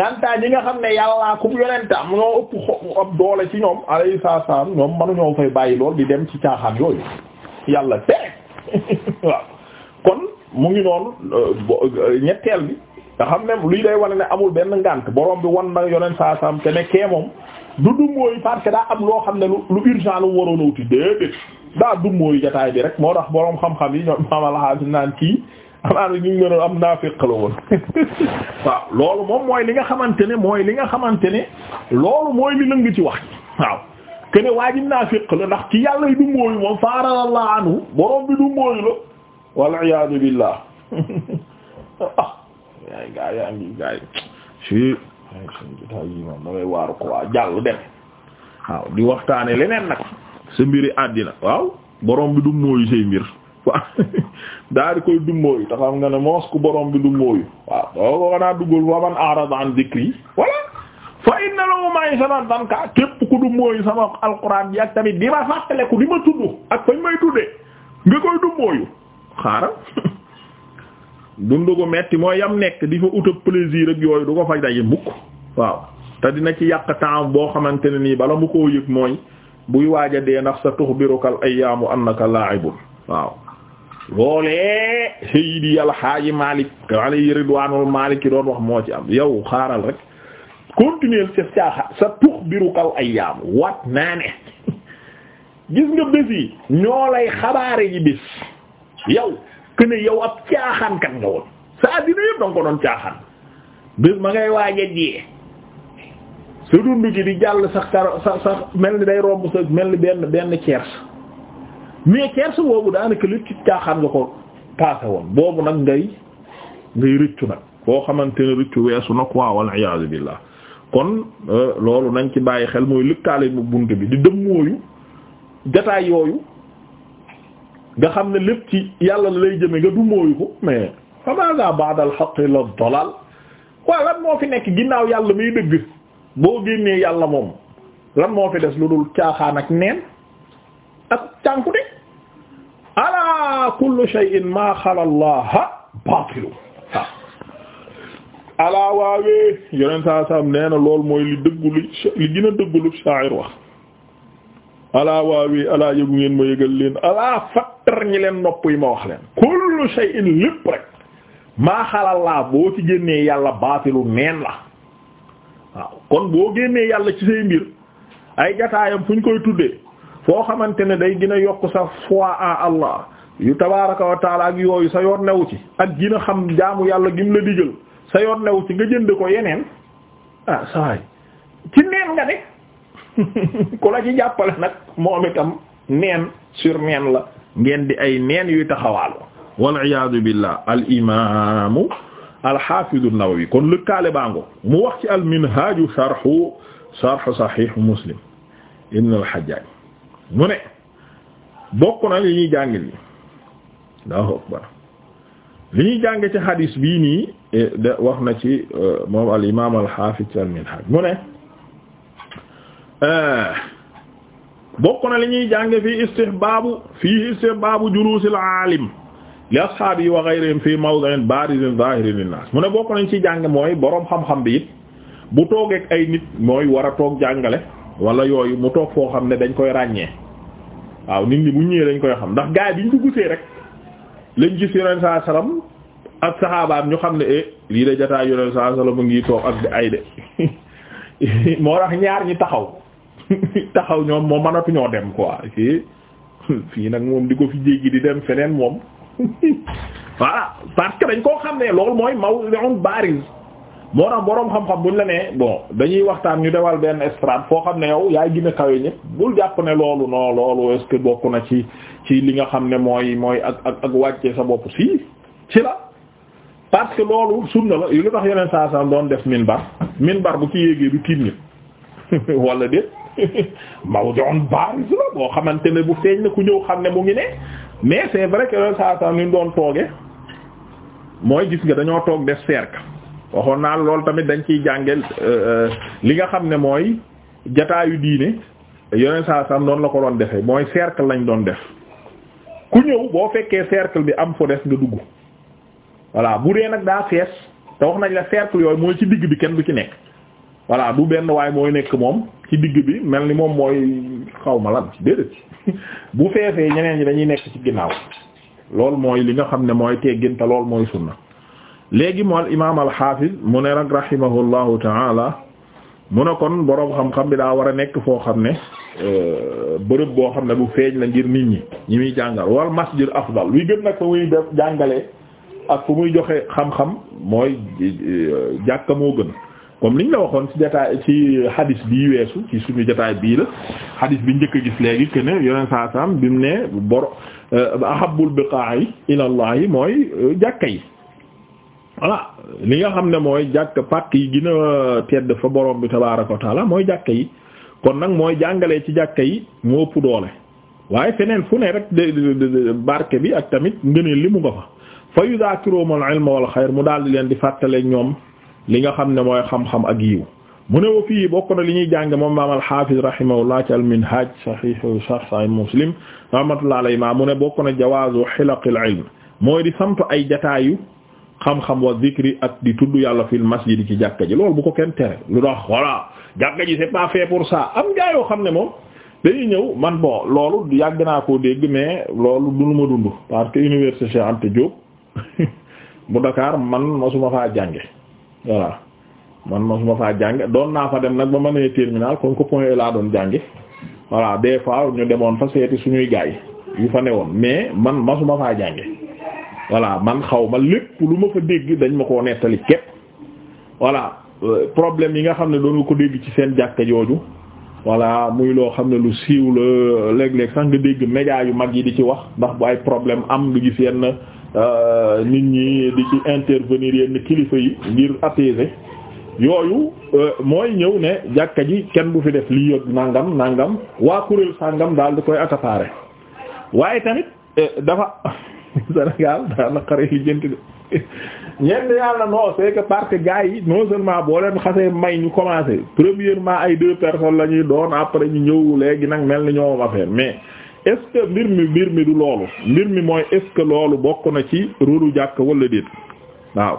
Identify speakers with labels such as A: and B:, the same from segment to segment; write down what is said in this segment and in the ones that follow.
A: kantaa ñi nga xam ne yàllaa ku yonentam ñoo ëpp xo ab doole ci ñoom alayhi salaam ñoom manu ñoo fay bàyyi lool di dem ci caaxaan yooyu yàlla tere waaw kon mu ngi noonu euh, euh, ñetteel bi nga xam ne luy day wane ne amul benn ngànt borom bi wan na yonent salaam te ne moom du dummóoyu parce que daa am loo xam ne lu urgent lu waroon a wuti déedéet daa dummóoyu jataay bi rek moo tax borom xam-xam yi ñoom maam alxaasi naan kii amaana ñu ngi doon am naafiq la woon waaw loolu moom mooy li nga xamante ne mooy li nga xamante ne loolu mooy li lëng ci wax waaw kene waa ji naafiq la ndax ki yàlla du mooyu moom faaralallaa anhu borom bi du mooyu la wal iyaadu billah ah yaay yaa ngi gaa si ta waaru ko waa jàll dem waaw di waxtaane leneen nag sa mbiri àddina waaw borom bi du mooyu say mbir quoi daal di koy dummóoyu te xam nga ne moos ku borom bi dummóoyu waaw doo ko xanaa duggul fa man arada an dikri voilà fa inna lahu ma'ishatan danka képp ku dummóoyu sama alquran bi ak tamit di ma fàttaleku di ma tudd ak fañ may tuddee nga koy dummóoyu xaaral dundu metti mooy yam nekk di fa uta plaisir ak yooyu du ko faj daje mukk waaw te dina ci yàq temps boo xamante ne nii bala mu koo yëg mooy buy waaj dee ndax sa tuxbiruka al ayyaamu annaka loolee Seydi Alxaaji Malik alayhi ridwaanul Maliki doon wax moo ci am yow xaaral rek continuer sa caaxa sa tux biru kaw ayyaam wat naa ne gis nga bés yi ñoo lay xabaare yi bés yow que ne yow ab caaxaankat nga woon sa addina yëpp danga ko doon caaxaan bés ma ngay waaja jiyee sa dund gi di jàll sax mel ni day romb sa mel ni benn benn tiers mais kersa boobu daanaka lépp ci caaxaan nga ko paase woon boobu nag ngay ngay rëccu nag koo xamante ne rëccu weesu nag waa wal iyaazu billah kon euh, loolu nañ ci bàyyi xel mooy lëkkaale mu bunt bi di dëm mooyu jataay yooyu nga xam ne lépp ci yàlla lay jëme nga du mooyu ko mais famasa baadal xaq la dolal waaw lan moo fi nekk ginnaaw yàlla muy dëgg boo génnee yàlla moom lan moo fi des lu dul caaxaan ak neen ak cànku de ala kulli shay'in ma xala Allah baatilu ala waawee yeneen saa lool mooy li dëggu li li gën a dëggu wax ala waawee ala yëgu ngeen ma yëgal leen ala fattar ñi leen nopp yi ma wax leen kullu shay'in lépp rek maa xala Allah boo ci génnee yàlla baatilu neen la waaw kon boo génnee yàlla ci say mbir ay jataayam fu ñu koy tuddee foo xamante ne day gën yokk sa foi à Allah yu tabaaraka ak yooyu sa yoon newu ci ak gina xam jaamu yàlla gim la digal sa yoon newu ci nga jënd ko yeneen ah saay ci neen nga de ku la ci jàppale nag moom itam neen sur neen la ngeen di ay neen yuy taxawaalu wal iyaadu billah al imaamu al xaafidu an-Nawawi kon lëkkaale baango mu wax ci al minhaaju sharhu sharhu muslim ibn al mu ne bokk na li ñuy jàngil Allahu li ñuy jànge ci xadis bii nii eh, de wax na ci eh, moom al imaam al xaafis ci al minhaj mu ne eh, bokk na li ñuy jànge fii istihbaabu fii istihbaabu juluusil aalim li ashaabi wa ghayrihim fii mawdi'in baarizin zaahirin linnaas mu ne bokk nañ ci jàng mooy boroom xam-xam bi it bu toogeeg ay nit mooy war toog jàngale walla yooyu mu toog foo xam ne dañ koy ràññee waaw nit ñi bu ñëwee dañ koy xam ndax gaay biñ dugg see rek. lañ gis yoneen sa salaam ak saxaabaam ñu xam ne eh lii de jataa yoneen saa salaam a ngi toog ak di ay de moo tax ñaar ñi taxaw taxaw ñoom moom mënatuñoo dem quoi fii fii nag moom di ko fi jéggi di dem feneen moom waa parce que dañ koo xam ne loolu mooy mawdi'un bariz moo tax boroom xam-xam ñu la nee bon dañuy waxtaan ñu dewal benn estrade foo xam ne yow yaay gën a kawe ñëpp bul jàpp ne loolu non loolu est bokk na ci ci li nga xam ne mooy mooy ak ak wàcce sa bopp si ci la parce que loolu sunna la yi lu tax yeneen saa saa doon def minbar minbar bu ci yéegee du tiim nit wala déet mawdu'un bariz la boo xamante ne bu feeñ na ku ñëw xam ne mu ngi ne mais c'est vrai que yeneen saa saa ñu doon tooge mooy gis nga dañoo toog def cercle waxoon naa loolu tamit dañ ciy jànge euh, euh, li nga xam ne mooy jataayu diine yoneen saa sam noonu la ko doon defee mooy cercle lañ doon def ku ñëw boo fekkee cercle bi am fo des nga dugg voilà bu dee nag daa fees te wax nañ la cercle yooyu mooy ci digg bi kenn du ci nekk voilà du benn waay mooy nekk moom ci digg bi mel ni moom mooy xaw ma lan déedéet bu feesee ñeneen ñi dañuy nekk ci ginnaaw loolu mooy li nga xam ne mooy teggin te loolu mooy sunna léegi moo al imaam al xaafiz mu ne nag rahimahullahu taala mu ne kon boroom xam-xam bi daa war a nekk foo xam ne euh, bërëb boo xam ne bu feeñ la ngir nit ñi ñi muy jàngal wal masjid afdal luy gën nag fa muy def jàngalee ak fu muy joxe xam-xam mooy euh, jàkka moo gën comme liñ la waxoon ci jotaay ci hadis bii weesu ci suñu jotaay bii la hadis bi njëkk a gis léegi que ne yeneen saa saam bi mu ne bor euh, ahabul biqaa'i ila mooy jàkka yi. voilà li nga xam ne mooy jàkk pàkk yi gën a tedd fa borom bi tabaaraka wa taala mooy jàkk yi kon nag mooy jàngalee ci jàkk yi mu ëpp doole waaye feneen fu ne rek de barke bi ak tamit ngëneel li mu nga fa fa yudaakiroom al mu daal di leen di fàttale ñoom li nga xam ne mooy xam-xam ak yiw mu ne wa fii bokk na li ñuy jàng moom imaam al-Haafiz rahimahullah ci al-Minhaaj sahih sharh Sahih Muslim rahmatullahi alayhi mu ne bokk na jawaazu xilaqil ilm mooy di samp ay jataayu xam-xam wa zikri ak di tudd yàlla fil di ci jàkka ji loolu bu ko kenn tere lu tax voilà jàkka ji c'est pas fait pour ça am gaa xam ne moom dañuy ñëw man boo loolu yàgg naa koo dégg mais loolu du lu ma dund parce que université Cheikh Anta Diop bu Dakar man masuma faa jànge voilà man masuma faa jànge doon naa fa dem nag ba ma nee terminal comme que e laa doon jànge voilà des fois ñu demoon fa seeti suñuy gaay yu fa ne woon mais man ma faa jànge voilà man xaw ma lépp lu ma fa dégg dañ ma koo nettali képp voilà euh, problème yi nga xam ne doon ko dégg ci seen jàkka jooju voilà muy loo xam ne lu siiw la léeg-léeg sax nga dégg média yu mag yi di ci wax ndax bu ay problème am lu gis yenn euh, nit ñi di ci intervenir yenn kilifa yi ngir apaiser yooyu euh, mooy ñëw ne jàkka ji kenn bu fi def li yëg nàngam nangam waa kuréel sàngam daal di koy accaparer waaye tamit dafa. Sénégal daa naqare yi jënt de ñenn yàlla non c'est que parce que gars yi non seulement boo leen xasee may ñu commencé premièrement ay deux personnes la ñuy doon après ñu ñëw léegi nag mel ni ñoom affaire mais est mbir mi mbir mi du loolu mbir mi mooy est loolu bokk na ci rôlu jàkk wala déet waaw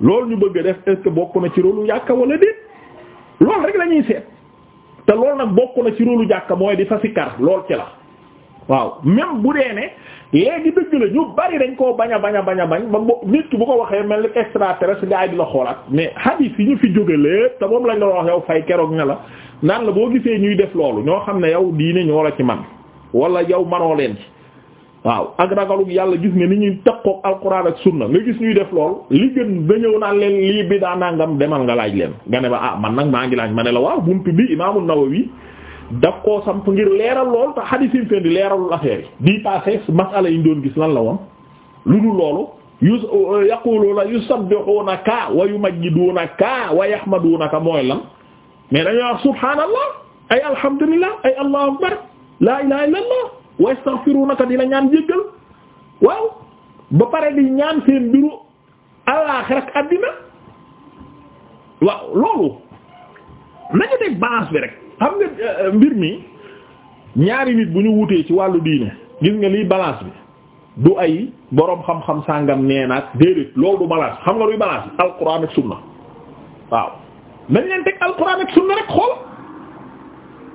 A: loolu ñu bëgg a def est bokk na ci rôlu jàkk wala déet loolu rek la seet te lool nag bokk na ci rôlu jàkk mooy di fa sikkar lool ci la waaw même bu dee léegi dëgg la ñu bari dañ koo bañ a bañ a bañ a bañ ba nit ki bu ko waxee mel ni extraterrestre gaa yi di la xoolaat mais hadith yi ñu fi jóge lépp te lañ la wax yow fay keroog ne la naan la boo gisee ñuy def loolu ñoo xam ne yow diine ñoo la ci man wala yow manoo leen ci waaw ak ragalu yàlla gis nga ni ñuy takkook alquran ak sunna nga gis ñuy def lool li gën da ñëw naan leen lii bi daa nangam demal nga laaj leen nga ne ba ah man nag maa ngi laaj ma ne la waaw buntu bi Imaamu Nawawi daf koo samp ngir leeral lool te xadiis yi fen di leeralul affaire yi bii passé masala yi ñu doon gis lan la woon lu dul loolu yus yaquluuna yusabbihunaka wa yumajjidunaka wa yahmadunaka mooy lan mais dañuy wax subhaanallah ay alhamdulillah ay allahu akbar la ilaha illallah wa yastaghfirunaka di la ñaan jéggal waaw ba pare di ñaan seen mbiru àllaaxira ak àddina waaw loolu nañu teg balance bi rek xam nga euh, mbir mi ñaari nit bu ñu wutee ci wàllu diine gis nga liy balance bi du ay boroom xam-xam sàngam nee naag déedéet loolu du balance xam nga luy balance bi alquran ak sunna waaw nañ leen teg alquran ak sunna rek xool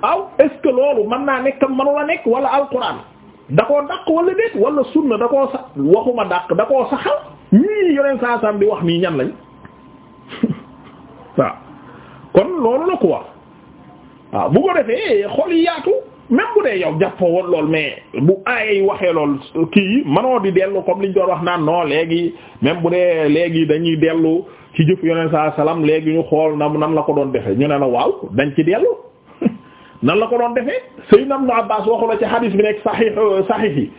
A: waaw est loolu mën naa nekk manu la nekk wala alquran da koo dàq wala déet wala na da ko sax waxuma dàq da koo saxal ñii yoneen saa sam bi wax nii ñan lañ waaw kon loolu la quoi waaw bu ko defee xol yi yaatu même bu dee yow jàppoo woon lool mais bu aayee waxee lool kii manoo di dellu comme liñ doon wax naan non léegi même bu dee léegi dañuy dellu ci jëf yoneen saa salaam léegi ñu xool na nan la ko doon defee ñu ne la waaw dañ ci dellu nan la ko doon defee Seydina Ibn Abbas waxu la ci hadis bi nekk saxiix saxiix yi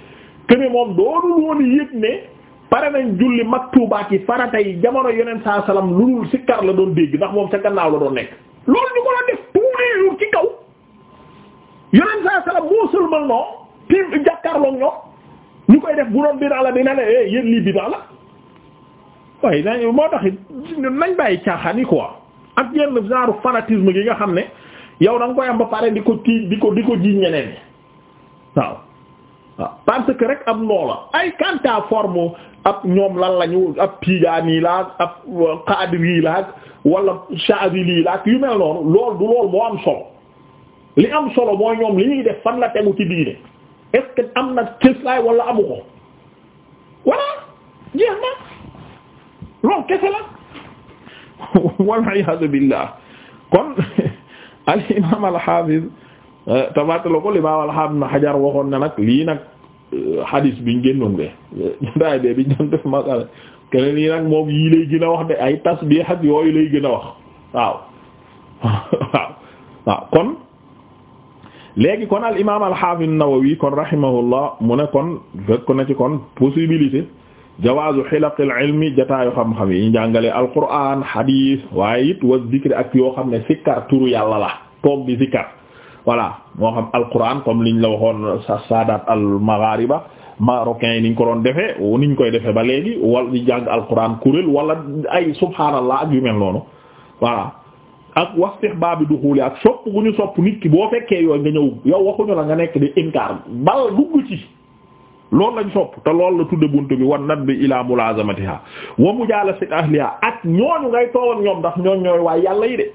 A: que moom doonul woon yëg ne. pare nañ julli maktubaat yi farata yi jamono yeneen saa salaam lu dul sikkar doon dégg ndax moom sa gannaaw la doon nekk. loolu ñu ko doon def tous les ci kaw yeneen saa salaam moo sëlmal noo tim jàkkaarloog ñoom ñu koy def bu doon bidaa la dina ne eh yéen lii bidaa la waaye moo tax nañ bàyyi caaxaan yi quoi ak yenn genre fanatisme gi nga xam ne yow da nga koy am ba pare di ko kii di ko di ko ji ñeneen waaw. waaw parce que rek ab noola ay kanta forme ab ñoom lan lañu ab tijaani laak ab qaadiri laak wala shaadili yu mel lool du lool moo am solo li am solo moo ñoom li ñuy def fan la tegu ci diine ce que am na cëslaay wala amu ko voilà jeex na loolu kese la kon al imam al hafiz Eh, tamatala ko limaawal xam na xajar waxoon na nag lii nag hadis eh, biñ génnoon be ndaay bee biñ doon def masala keneen lii nag moom yii lay gën wax de ay tasbiix ak yooyu lay gën a wax waaw waaw waaw kon léegi kon al imaam al xaafis Nawawi kon rahimahullah mu ne kon fekk na ci kon possibilité jawaazu xilaqil ilmi jataayu xam-xam yi ñu jàngale alquran hadis waaye it wa zikri ak yoo xam ne sikkar turu yàlla la toog di sikkar voilà moo xam alquran comme liñ la waxoon sa saadaat al maghariba marocain yi niñ ko doon defee niñ koy defee ba léegi wala di jàng alquran kuréel wala ay subhaanallah ak yu mel noonu waa ak wastihbaabi duxuuli ak sopp gu ñu sopp nit ki boo fekkee yooyu nga ñëw yow waxuñu la nga nekk di inkaar bal dugg ci loolu lañ sopp te loolu la tudde bunt bi wan nat bi ila mulazamatiha wa mujalasati ahliha ak ñooñu ngay toowoon ñoom ndax ñooñ ñooy waaye yàlla yi de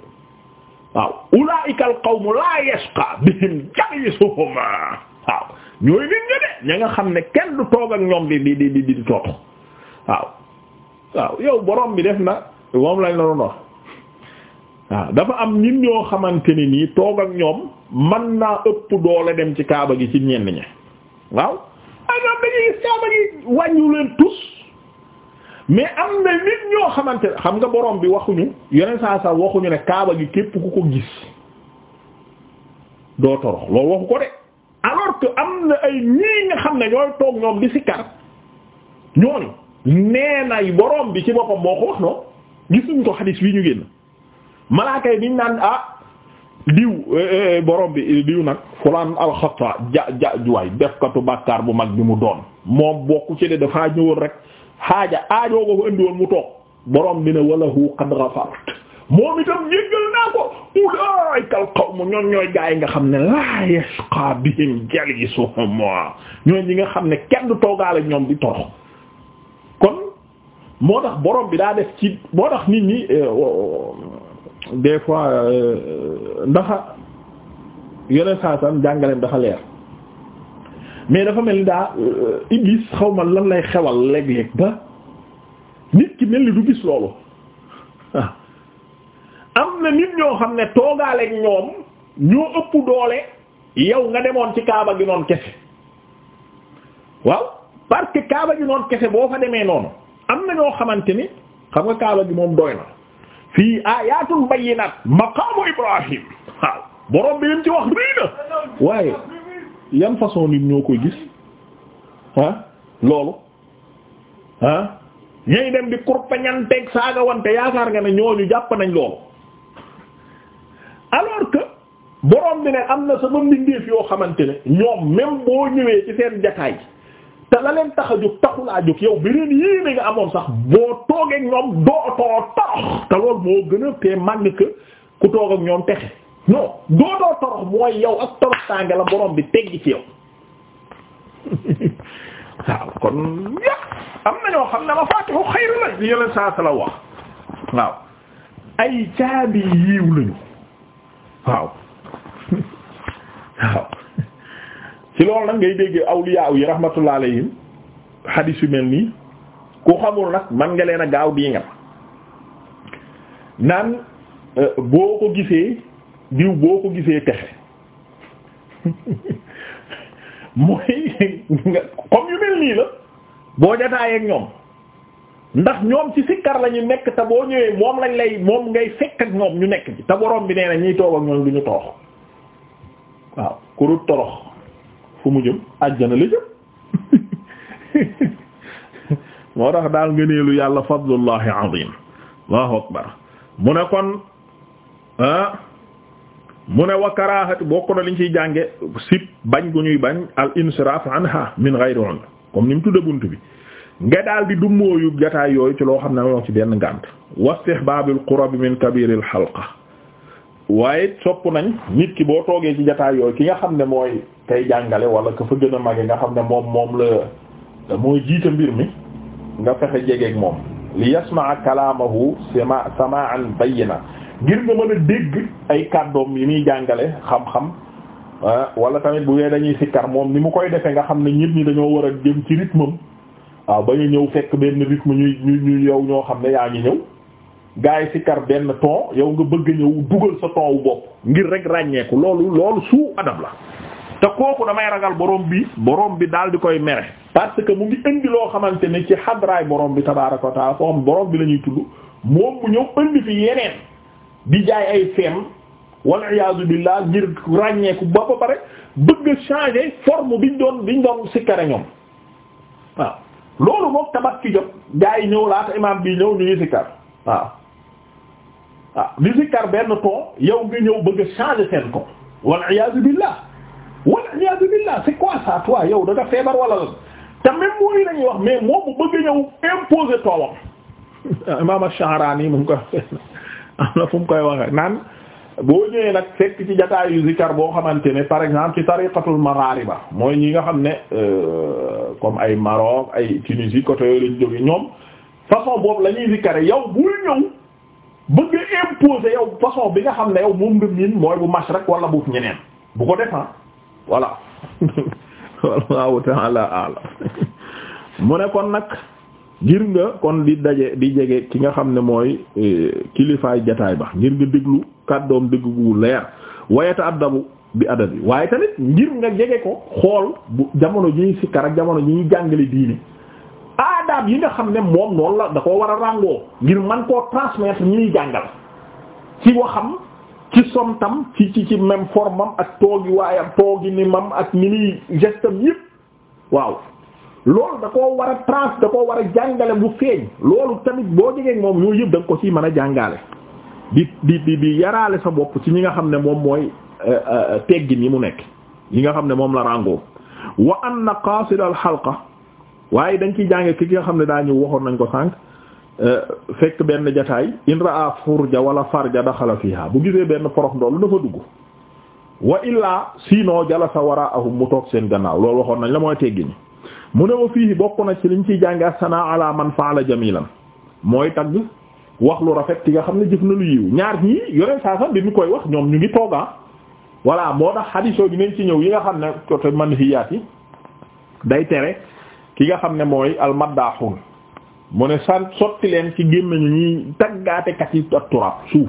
A: waaw ulaa'ika al-qawmu laa yashqaa bihim jalisuhum waaw ñooy nit ña nga xam ne kenn du toog ak ñoom di di di di toog waaw waaw yow boroom bi def na moom lañ la doon wax dafa am ñin ñoo xamante ne nii toog ak ñoom man naa ëpp la dem ci kaaba gi ci ñenn ñi waaw ay ñoom dañuy gis gi wàññu leen tus mais am na nit ñoo xamante xam nga boroom bi waxuñu yeneen saa saa waxuñu ne kaaba gi képp ku ko gis doo torox loolu waxu ko de alors que am na ay ñii nga xam ne ñooy toog ñoom di sikkar ñooñu nee nay borom bi ci boppam moo ko wax noonu gisuñ ko xadis wi ñu génn malaaka yi biñ naan ah diw eh, eh, borom bi eh, diw nag fulaan alxata ja ja juwaay defkatu bàkkaar bu mag bi mu doon moom bokku ci de dafaa ñëwoon rek xaaja aajoo ko ko indi mu toog borom bi ne walahu qad ghafart moom itam jéggal naa ko ulaa'ika al-qawmu ñoom ñooy gaay nga xam ne laa yashqa bihim jalisuhum ñooy ñi nga xam ne kenn du toogaale ñoom di torox kon moo tax borom bi daa def ci moo tax nit ñi euh, euh, des fois euh, ndaxa yeneen saa sam jàngaleem dafa leer mais dafa mel ni daa euh, Iblis xaw ma lan lay xewal léeg-léeg nit ki mel ni du gis loolu ah. am na nit ñoo xam ne toogaaleeg ñoom ñoo ëpp doole yow nga demoon ci kaaba gi noonu kese waaw parce kaaba gi noonu kese boo fa demee noonu am na ñoo xamante ni xam nga kaaba gi moom doy na fii ayatul bayyinat maqaamu Ibrahim waaw bi lim ci wax rii na waaye yan façon nit ñoo koy gis ah loolu ah ñay dem di kurpañanteeg saaga wante yaakaar nga ne ñooñu jàpp nañ loolu alors que borom bi ne am na sama mbindeef yoo xamante ne ñoom même boo ñëwee ci seen jataay te la leen tax a jóg taxul a jóg yow beneen yéene nga amoon sax boo toogee ñoom doo too te loolu moo gën a te màgg que ku toog ak ñoom texe. non doo doo torox mooy yow ak torox tànge la borom bi teggi ci yow waaw kon ya am na ñoo xam ne mafaatihu xayri la di yeneen la wax lañu waaw waaw ci loolu nag ngay dégg awliya yi rahmatullah alayhim xadiis yu mel nii ku xamul nag man nga gaaw di nga naan euh, boo ko gisee diw boo ko gisee texe mooy comme yu mel nii la boo jataayee ak ñoom ndax ñoom ci sikkar la ñu nekk te ñëwee moom lañ lay moom ngay fekk ak ñoom ñu nekk ci te bi nee na ñuy toog ak ñoom lu ñu toox waaw ku dul torox fu mu jëm àjjana la jëm moo tax daal lu yàlla fadlullahi azim allahu akbar mu ne kon ah mu ne wa karaahati bokk na liñ ciy jànge sib bañ gu ñuy bañ al insiraaf anha min ghayri udhr umm comme ni mu tudde bunt bi nga daal di dummóoyu jataay yooyu ci loo xam ne ci benn ngànt wastihbaabil qurab min kabiril halqa waaye sopp nañ nit ki boo toogee ci jataay ki nga xam ne mooy kay jàngale wala ka fa gën a mage nga xam ne moom moom la mooy jiita mbir mi nga fexe jegeeg moom li yasmaa kalaamahu sama samaan bayyina ngir nga mën a dégg ay kàddoom yi muy jàngale xam-xam ah, wala tamit bu dee dañuy sikkar moom ni mu koy defee nga xam ne ñépp ñi dañoo war a jëm ci rythme am waaw ba ñu ñëw fekk benn rythme ñuy ñu ñu yow ñoo xam ne yaa ngi ñëw gaa yi sikkar benn ton yow nga bëgg ñëw dugal sa ton wu bopp ngir rek ràññeeku loolu loolu suu adab la te kooku damay ragal borom bi borom bi daal di koy mere parce que mu ngi indi loo xamante ne ci xadraay borom bi tabaaraka wa taala borom bi la ñuy tudd moom mu di jaay ay feem wal iyaadu billah ngir ràññeeku ba ba pare bëgg changer forme biñ doon biñ doon sikkare ñoom loolu moom tabat ci jot gaa yi ñëw laata imaam bii ñëw ñu sikkar waaw waaw di sikkar benn to yow nga ñëw bëgg changer seen ko wal iyaadu billah wal iyaadu billah c'est quoi ça toi yow da nga feebar wala la te même mooy lañuy wax mais moom bu bëgg ñëw imposer toowam imaam Sha'rani mu ngi ko am na fu mu koy waxe naan boo ñëwee nag fekk ci jataayu zikar boo xamante ne par exemple ci tariqatul maghariba mooy ñi nga xam ne euh, comme ay Maroc ay Tunisie côté yooyu lañ jóge ñoom façon boobu la ñuy zikare yow bul ñëw bëgg imposer yow façon bi nga xam ne yow moom nga miin mooy bu rek wala bu ñeneen bu ko defan voilà wallahu ta'ala a'lam mu ne kon nag ngir nga kon di daje di jege ki nga xam ne mooy eh, kilifaay jataay ba ngir nga déglu kàddoom dégg gu leer wayata addabu bi adabi waaye tamit ngir nga jege ko xool bu jamono ji ñuy sikkar ak jamono ji ñuy jàngale diine aadaab yi nga xam ne moom noonu la da koo war a ràngoo ngir man koo transmettre ñi ñuy jàngal ci waxam ci somtam ci ci ci même formam ak toogi waayam toogi ni mam ak ni muy gestam yépp waaw loolu da koo war a trans da koo war a jàngale bu feeñ loolu tamit boo jegee moom yooyu yëpp da nga ko ci mën a jàngale bi di bi di yaraale sa bopp ci ñi nga xam ne moom mooy eh, eh, teggin yi mu nekk yi nga xam ne moom la ràngoo wa anna qasid al halqa waaye dañ ciy jànge ki nga xam ne daa ñu waxoon nañ ko sànq eh, fekk benn jataay in ra'a furja wala farja daxala fiha bu gisee benn porox ndoolu dafa dugg wa illaa sinon jalasa wara'ahum mu toog seen gannaaw loolu waxoon nañ la mooy teggin mu ne wa fii bokk na ci liñ ciy jànge as-sanaa ala man fa'ala jamilan mooy tagg wax lu rafet ki nga xam ne jëf na lu yiw ñaar ñii yoneen saa sax bi mu koy wax ñoom ñu ngi toogaa ah. voilà moo tax xadiis yooyu dinañ ci ñëw yi nga xam ne côté manhiyaat yi day tere ki nga xam ne mooy almaddaaxun mu ne san sotti leen ci gémmiñu ñuy taggaatekat yi ak turaab suuf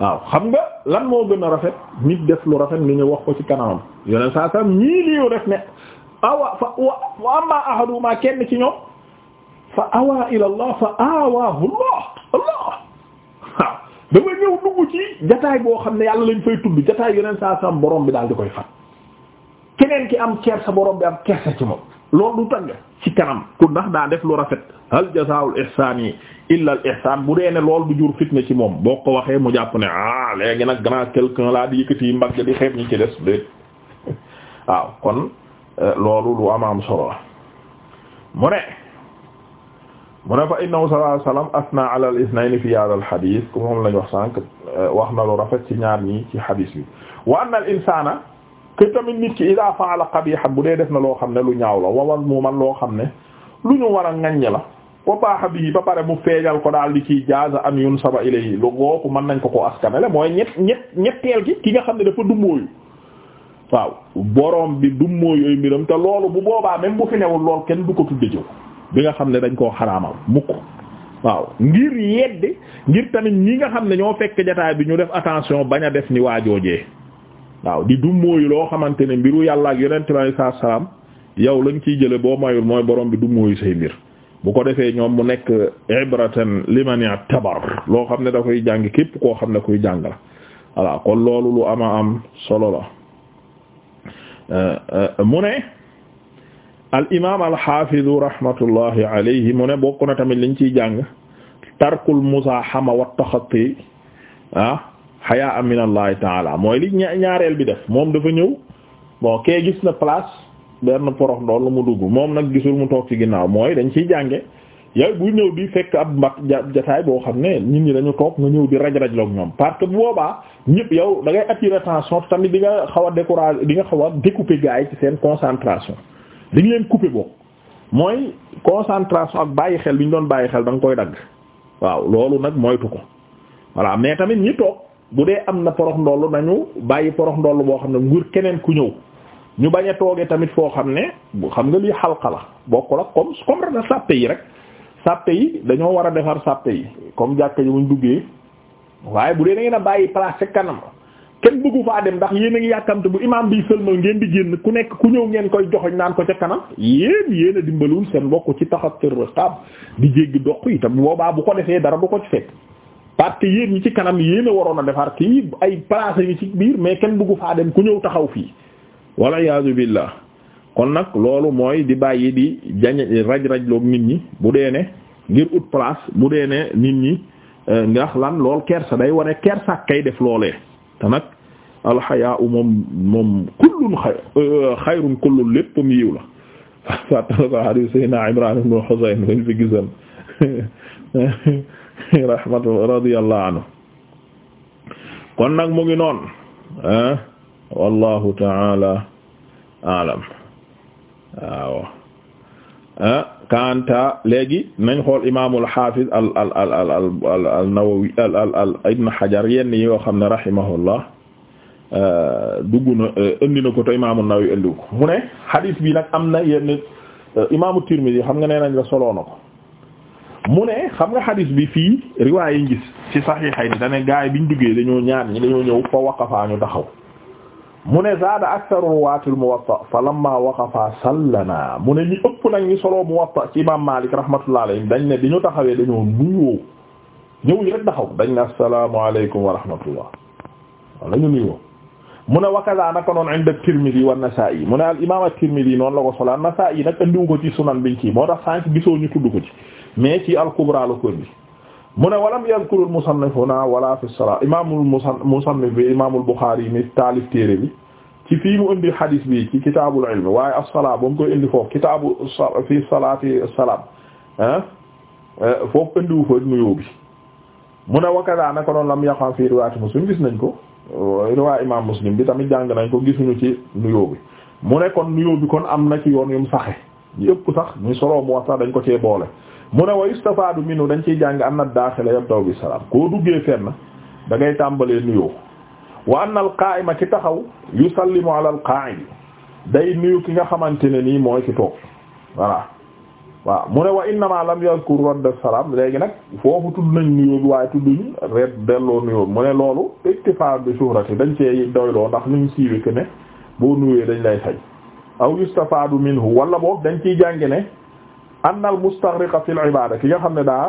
A: waaw xam nga lan moo gën a rafet nit def lu rafet ni ñu wax ko ci kanamam yoneen saa sax ñii lii def ne awa fa wa amma ahaduhuma kenn ci ñoom fa awa ila allah fa awaahu allah allah waaw dafa ñëw dugg ci jataay boo xam ne yàlla lañ fay tudd jataay yeneen saa sam boroom bi daal di koy fat keneen ki am kersa boroom bi am kersa ci moom loolu du tagg ci kanam ku ndax daa def lu rafet hal jazaa'ul ihsaani illa al ihsaan bu dee ne lool du jur fitna ci moom boo ko waxee mu jàpp ne ah léegi nag grand quelqu'un laa di yëkkati mbagg di xeeb ñi ci des déet loolu lu amaam solo la mu ne mu ne fa innahu sallallahu alayhi wa sallam asna ala al-ithnayni fi hadha al ku moom lañ wax sànq euh, wax na lu rafet ci ñaar ñii ci hadith bi wa anna al-insana que tamit nit ki ida fa'ala qabihan bu dee def na loo xam ne lu ñaaw la wawal mu man loo xam ne lu ñu war a ŋaññ la wa baaxa bi ba pare mu feeñal ko daal li ciy jaaza an yunsaba ilayhi lu gooku mën nañ ko ko askanele mooy ñett ñett ñetteel gi ki nga xam ne dafa dumbóoyu waaw borom bi du mooy yooyu mbiram te loolu bu boobaa même bu fi newul lool kenn du ko tudde jëw bi nga xam ne dañ koo xaraamal mukk waaw ngir yedd ngir tamit ñi nga xam ne ñoo fekk jataay bi ñu def attention bañ a def ni waajoojee waaw di du loo xamante ne mbiru yàlla ak yonent bi alayhi salaam yow lañ ciy jële boo mayul mooy borom bi du mooyu say mbir bu ko defee ñoom mu nekk ibratan liman i'tabar loo xam ne da koy jàng képp koo xam ne koy jàng la kon loolu lu ama am solo la Euh, euh, mu ne al imaam al xaafidu rahmatullahi alayhi mu ne bokk na tamit liñ ciy jàng tarkul muzaahama wa taxati ah xayaa min allahi taala mooy li ñaareel bi def moom dafa ñëw bon kee gis na place benn porox ndool mu dugg moom nag gisul mu toog ci ginnaaw mooy dañ ciy jànge yow bu ñëw di fekk ab mag jataay boo xam ne nit ñi dañu toog nga ñëw di raj-raj loog ñoom parce que boobaa ñëpp yow da ngay attirer attention tamit di nga xaw a décourager di nga xaw a découper gars yi ci seen concentration di nga leen couper boobu mooy concentration ak bàyyi xel bi ñu doon bàyyi xel da nga koy dagg waaw loolu nag moytu ko voilà mais tamit ñi toog bu dee am na porox ndollu nañu bàyyi porox ndollu boo xam ne nguur keneen ku ñëw ñu bañ a toogee tamit foo xam ne xam nga lii xalqa la bokkul ak comme yi rek sàppe yi dañoo war a defar sàppe yi comme jàkka ji buñ duggee waaye bu dee na ngeen a bàyyi place ca kanam kenn bëggu faa dem ndax yéen a ngi yàkkamte bu imaam bi sëlmal ngeen di génn ku nekk ku ñëw ngeen koy joxoñ naan ko ca kanam yéen yéen a dimbalul seen mbokk ci taxat sër rëxab di jéggi dox yi te boobaa bu ko defee dara du ko ci fekk parce que yéen ñi ci kanam yéen a waroon a defar kii ay place yi ci biir mais kenn buggu faa dem ku ñëw taxaw fii wala yaazu billah kon nag loolu mooy di bàyyi di jañ raj-rajloog nit ñi bu dee ne ngir ut place bu dee nit ñi eh, ndax lan lool kersa day wane kersa kay def loolee te nag alxayaa moom moom kullun xay eh, xayrun kullun yiw la fàttala ko hadis sayna imran ibn husayn lañ fi anhu kon nag mu ngi noon eh, wallahu ta'ala a'lam waaw ah, kanta léegi nañ xool imaamul xaafiz al al al al nawawi al al ibn xajar yenn yi yoo xam ne rahimahullah ah, dugg na eh, indi na ko te imaamul nawawi indi ko mu ne xadiis bi nag am na yenn eh, imaamu tirmidi xam nga nee nañ la soloo na ko mu ne xam nga xadiis bi fii riwaay yi gis ci yi ni dane gaay biñ duggee dañoo ñaar ñi dañoo ñëw fa waqafaa ñu taxaw mu ne zaada aktharu ruwaatil muwatta fa lamma waqafa sallana mu ne ñi ëpp nag ñi soloo muwatta ci imam Maalik rahmatullah alayhi dañ ne bi ñu taxawee dañoo nuyoo ñëwuñu rek taxaw dañ ne assalaamu aleykum wa rahmatullah wala ñu nuyoo mu ne wakaza naka noon inda Tirmidhi wa Nasa'i mu ne al imam at noon noonu la ko solaa Nasa'i nag andiwu ko ci sunan biñ ci moo tax sànq gisoo ñu tudd ko ci mais ci al-Kubra la ko indi mu ne walam yadhkur al-musannifuna wala fi as-salat imaamul musannif bi imaamul Bukhari mi taalif téere bi ci fii mu indi hadis bi ci kitaabul ilm waaye as-salat ba mu koy indi foofu kitaabu fi salaati as-salaam eh, foofu indiwu fa nuyoo mu ne wakada naka noonu lam yaqan fi riwaayati Muslim gis nañ ko riwaay imaam Muslim bi tamit jàng nañ ko gisuñu ci nuyoo bi mu ne kon nuyoo bi kon am na ci yoon yu mu saxe ñu ëpp sax ñu solo mu wax ko cee boole mu ne wa istafaadu minu dañ ciy jàng anna daaxila yabdaw bi salaam koo duggee fenn da ngay tàmbalee nuyoo wa anna al qaa'ima taxaw yusallimu ala al qaa'id day nuyu ki nga xamante ne nii mooy ki toog voilà waaw mu ne wa innama lam yazkur radd salaam léegi nag foofu tudd nañ nuyoo bi waaye tudduñ ret delloo nuyoo mu ne loolu iktifaa bi suhrati dañ cee doyloo ndax ñu siiwee que ne boo nuyoo dañ lay fay aw yustafaadu minhu wala boog dañ ciy jàng ne. anna al mustaghriqa fil ibada ki nga xam ne daa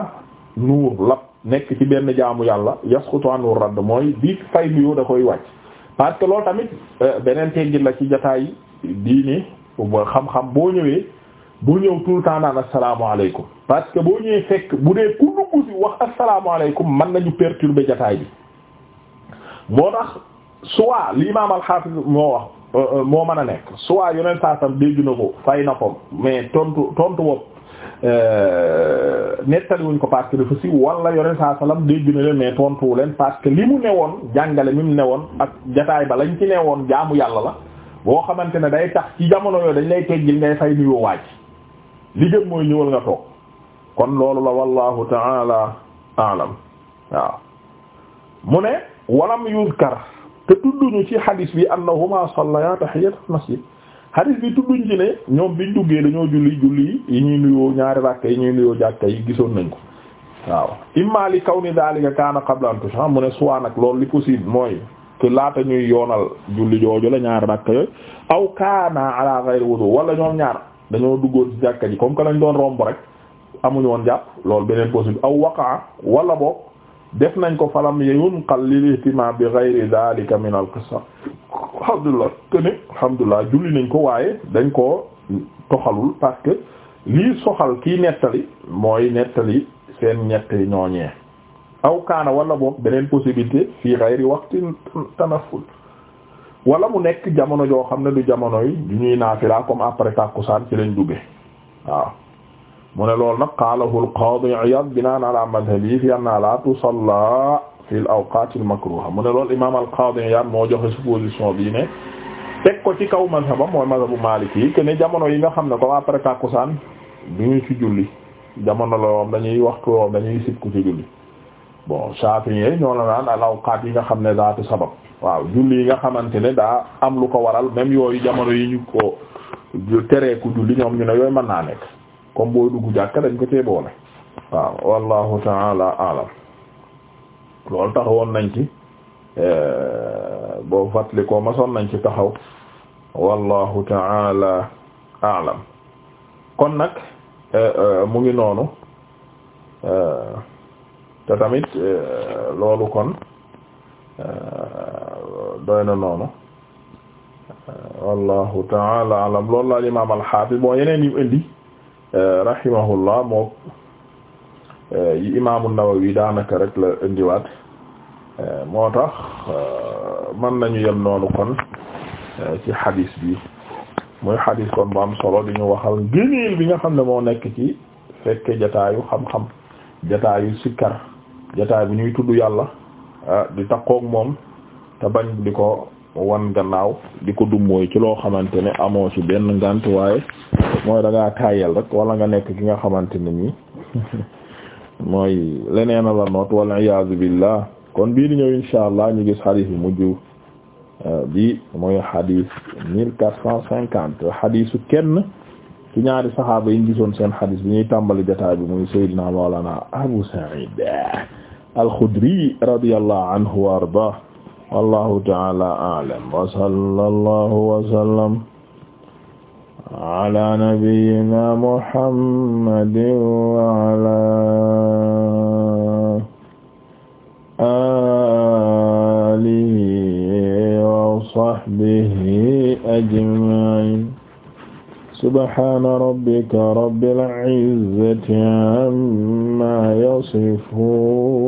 A: nuur lap nekk ci benn jaamu yàlla yasqutu anhu radd mooy di fay nuyoo da koy wàcc parce que loo tamit euh, beneen teggin la ci jotaay diini xam-xam boo ñëwee bu ñëw tout le temps parce que boo ñëwee fekk bu dee ku dugg ci wax asalaamaaleykum mën nañu perturber jotaay bi moo tax soit li imaam al moo wax euh, euh, a nekk soit yeneen saa sam dégg na ko fay na ko mais tontu tontu bopp. Euh, wuñ ko parce que dafa si wala yore saa salaam dégg na leen mais tontuwu leen parce que li mu ne woon jàngale mi ne woon ak jataay ba lañ ci woon jaamu yàlla la boo xamante ne day tax ci jamono yooyu dañ lay teggil ngay fay nuyoo waaj li gën mooy ñëwal nga toog kon loolu la wallahu taala alam waaw mu ne walam yuzkar te tudduñu ci hadis bi annahuma sallaya tahiyyatul masjid hadis bi tudduñ ci ne ñoom biñ duggee dañoo julli julli yi ñuy nuyoo ñaari rakka yi ñuy nuyoo jàkka yi gisoon nañ ko waaw imma li kaw ni daalika kaana qabla an tushan mu ne soit nag loolu li possible mooy que laata ñuy yoonal julli jooju la ñaari rakka yooyu aw kaana ala ghayri wudu wala ñoom ñaar dañoo duggoon ci jàkka ji comme que lañ doon romb rek amuñu woon jàpp lool beneen possible aw waqa walla boog def nañ ko falam yunqal lil ihtimam bi ghayri dhalika min al qissa alhamdulillah tene alhamdulillah julli nañ ko waaye dañ ko toxalul parce que soxal kii nettali mooy nettali seen ñett ñooñee aw kaana wala boog beneen possibilité fii ghayri waqtin tanafful wala mu nekk jamono joo xam ne du jamono yi du ñuy naafila comme après tàkkusaan ci lañ dugge waaw mu ne loolu nag qaalahu al-qaadi Iyaad binaan ala madhabi fi anna la tusalla fi al-awqaat al-makruuha mu ne lool imaam al-qaadi moo joxe supposition bi ne teg ko ci kaw madhabam mooy madhabu Maliki yi que jamono yi nga xam ne ko après tàkkusaan duñu ci julli jamono la woon dañuy waxtu woon dañuy sib ku ci julli bon Shafi'i ñoo la naan al yi nga xam ne zaatu sabab waaw julli yi nga xamante ne daa am lu ko waral même yooyu jamono yi ko teree ku julli ñoom ñu ne yooyu mën naa nekk comme booy dugg jàkka dañ ko cee boole waaw wallahu taala alam loolu taxawoon nañ ci eh, boo fàttali ko masoon nañ ci taxaw wallahu taala alam kon nag eh, eh, mu ngi noonu te tamit loolu kon doy na noonu wallahu taala alam loolu la al imam al yeneen yu indi Euh, rahimahullah mook euh, yi imaamu Nawawi daanaka rek la indiwaat euh, moo tax mën nañu yem noonu kon ci xadis bi muy xadis kon bu am solo di ñu waxal ngëneel bi nga xam ne moo nekk ci fekke jataayu xam-xam jataayu sikkar jataay bu ñuy tudd yàlla ah, di takkook moom te bañ di ko wan gannaaw di ko dummooy ci loo xamante ne amoo ci benn ngant waaye mooy da ngaa taayal rek wala nga nekk ki nga xamante ne nii mooy leneen la noot wala iyaazu billah kon bii di ñëw insha allah ñu gis xadiis bi mujj euh, bi mooy xadiis mille quatre cent cinquante xadiisu kenn ci ñaari saxaaba yi ñu gisoon seen xadiis bi ñuy tàmbali jotaay bi muy Seydina Mawlana Abu Sa'id al-Khudri radiyallahu anhu wa arda wallahu taala alam wa sallallahu wa sallam ala nabiyyina muhammadin wa ala alihi wa sahbihi ajma'in subhana rabbika rabbil izzati amma yasifun